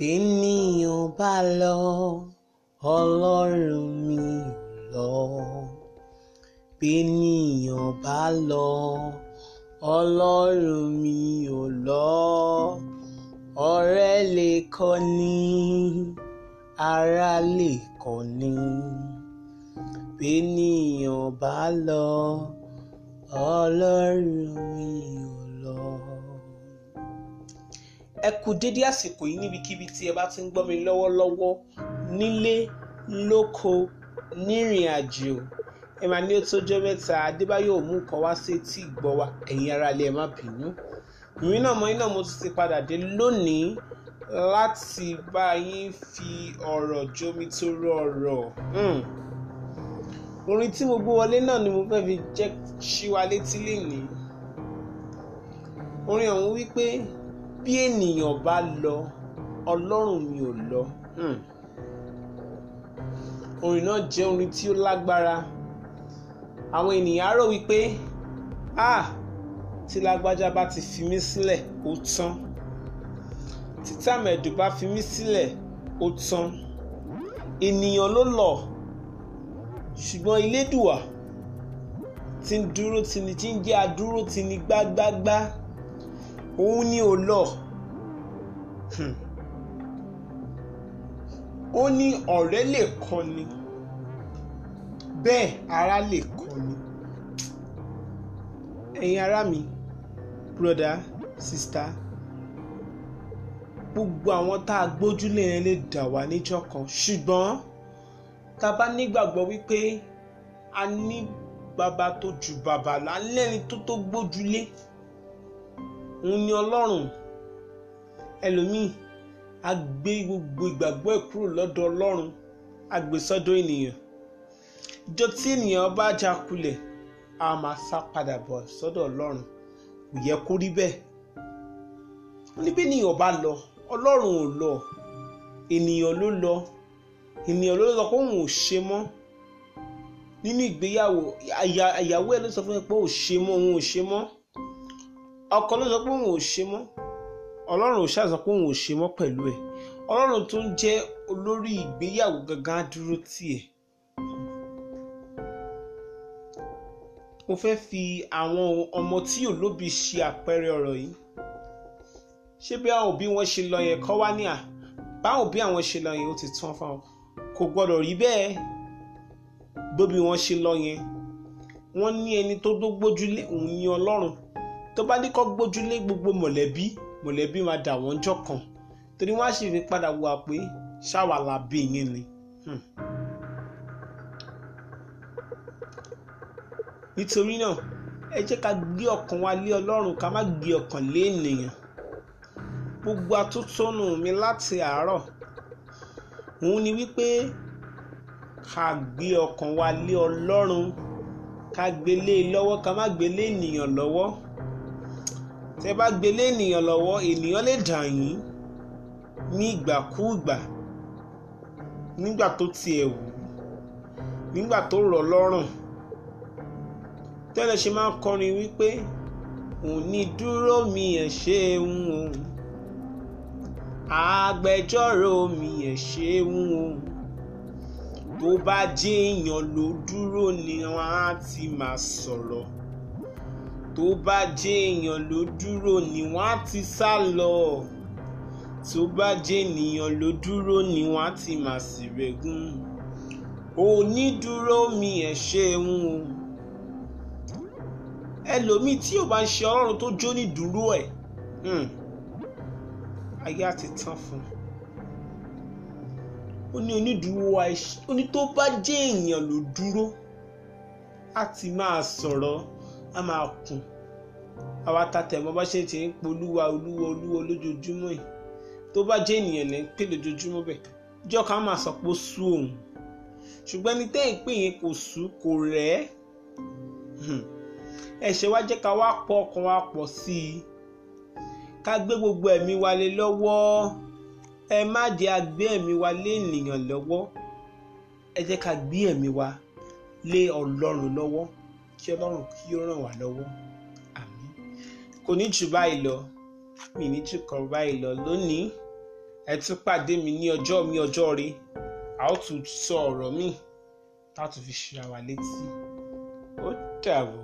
Bí mi ò bá lọ, Ọlọ́run mi ò lọ. Bí mi ò bá lọ, Ọlọ́run mi ò lọ. Ọ̀rẹ́ lè kọ́ni, ará lè kọ́ni. Bí mi ò bá lọ, Ọlọ́run mi ò lọ ẹ kú dédé àsìkò yìí níbikíbi tí ẹ bá ti ń gbọ́ mi lọ́wọ́lọ́wọ́ nílé lóko nírìn àjò ẹ máa ní ó tójọ́ mẹ́ta adébáyọ̀ ò mú nǹkan wá sí etí ìgbọ́ wa ẹ̀yin ara lè má bínú èmi náà mọ iná mo ti padà dé lónìí láti bá yín fi ọ̀rọ̀ jomi tó rọrọ̀ hmm. orin tí mo gbé wọlé náà ni mo fẹ́ fi jẹ́ ṣíwa létí lénìí orin ọ̀hún wípé bí ènìyàn bá lọ ọlọ́run mi ò lọ. Hmm. orin náà jẹ́ orin tí ó lágbára àwọn ènìyàn á rò wípé ah tí lágbájá bá ti fi mí sílẹ̀ ó tán tí tàmẹ̀dù bá fi mí sílẹ̀ ó tán ènìyàn ló lọ ṣùgbọ́n ilédùà tí ń dúró tini tí ń jẹ́ adúró tini gbágbágbá. Gbá, gbá òun ni ò lọ hmm. ó ní ọ̀rẹ́ lè kọ́ni bẹ́ẹ̀ ara lè kọ́ni ẹ̀yin ará mi broda sista gbogbo àwọn tá a gbójúlé yẹn lè dà wá níjọ́ kan ṣùgbọ́n tá bá nígbàgbọ́ wípé a ní bàbá tó ju bàbá lálẹ́ni tó tó gbójúlé òun ni ọlọ́run ẹlòmíì a gbé gbogbo ìgbàgbọ́ ẹ̀ kúrò lọ́dọ̀ ọlọ́run a gbé e sọ́dọ̀ ènìyàn ìjọ tí ènìyàn bá já kulẹ̀ a máa sá padà bọ̀ sọ́dọ̀ ọlọ́run kò yẹ kó rí bẹ́ẹ̀ wọ́n ènìyàn bá lọ ọlọ́run ò lọ ènìyàn ló lọ ènìyàn ló lọ kó òun ò ṣe mọ́ nínú ìgbéyàwó ìyàwó ẹ̀ ló sọ fún ẹ pé ò ṣe mọ́ òun ò ṣe mọ́ ọkọ ló sọ pé òun ò ṣe mọ́ ọlọ́run ò ṣàṣọ pé òun ò ṣe mọ́ pẹ̀lú ẹ̀ ọlọ́run tó ń jẹ́ olórí ìgbéyàwó gangan dúró tì ẹ́ mo fẹ́ fi àwọn ọmọ tí olóbi ṣe àpẹẹrẹ ọ̀rọ̀ yìí ṣé bí àwọn òbí wọn ṣe lọ yẹn kọ́ wá ní à báwọn òbí àwọn ṣe lọ yẹn ó ti tán fáwọn kò gbọdọ̀ rí bẹ́ẹ̀ bóbi wọn ṣe lọ yẹn wọ́n ní ẹni tó dógbójúlé òun ní ọlọ́run tó bá ní kọ́ gbójúlé gbogbo mọ̀lẹ́bí mọ̀lẹ́bí máa dà wọ́n jọ kan torí wọ́n á sì fi padà wà pé ṣáwa la bí yín ni. Hmm. nítorí náà ẹ jẹ́ ká gbé ọkàn wa lé ọlọ́run ká má gbé ọkàn lé ènìyàn gbogbo atótónu mi láti àárọ̀ òun ni wípé ká gbé ọkàn wa lé ọlọ́run ká gbélé e lọ́wọ́ ká má gbélé ènìyàn lọ́wọ́ tẹ́ bá gbélé ènìyàn lọ́wọ́ ènìyàn lè dà yín ní ìgbàkúùgbà nígbà tó tiẹ̀ wù ú nígbà tó rọ̀ lọ́rùn tẹ́lẹ̀ ṣe máa ń kọrin wípé òní dúró mi ẹ̀ ṣeun o agbẹjọ́rò mi ẹ̀ ṣeun o bó bá jẹ́ èèyàn ló dúró ni wọ́n á ti máa sọ̀rọ̀ tó bá jẹ́ èèyàn ló dúró ni wọ́n á ti sá lọ tó bá jẹ́ ènìyàn ló dúró ni wọ́n á ti mà sí rẹ̀gùn onídúró mi ẹ̀ ṣe ń o ẹlòmíì tí ò bá ń ṣe ọlọ́run tó jó ní dúró ẹ̀ hmm, ayé á ti tán fún un ó ní onídúró wa ó ní tó bá jẹ́ èèyàn ló dúró á ti máa sọ̀rọ̀ á máa kún àwa tatẹ̀mọ́ bá ṣe ti ń polúwa olúwo olúwo lójoojúmọ́ yìí tó bá jẹ́ ènìyàn lẹ́ ń pè lójoojúmọ́ bẹ̀ jọ́ ká máa sọ pé ó sú òun ṣùgbọ́n ẹni tẹ́ ẹ̀ ń pè yẹn kò sú kò rẹ̀ ẹ̀ ṣe wá jẹ́ ká wá pọ̀ ọkàn wa pọ̀ sí i ká gbé gbogbo ẹ̀mí wa lé lọ́wọ́ ẹ má jẹ́ agbé ẹ̀mí wa lé ènìyàn lọ́wọ́ ẹ jẹ́ ká gbé ẹ̀mí wa lé ọlọ́run lọ́wọ́ kí ọlọ́run kí ó ràn wá lọ́wọ́ àmín kò ní jù báyìí lọ mi ní jù kan báyìí lọ lónìí ẹ tún pàdé mi ní ọjọ́ mi ọjọ́ rí a ó tún sọ ọ̀rọ̀ mi tá tún fi ṣe àwa létí ó dàbọ̀.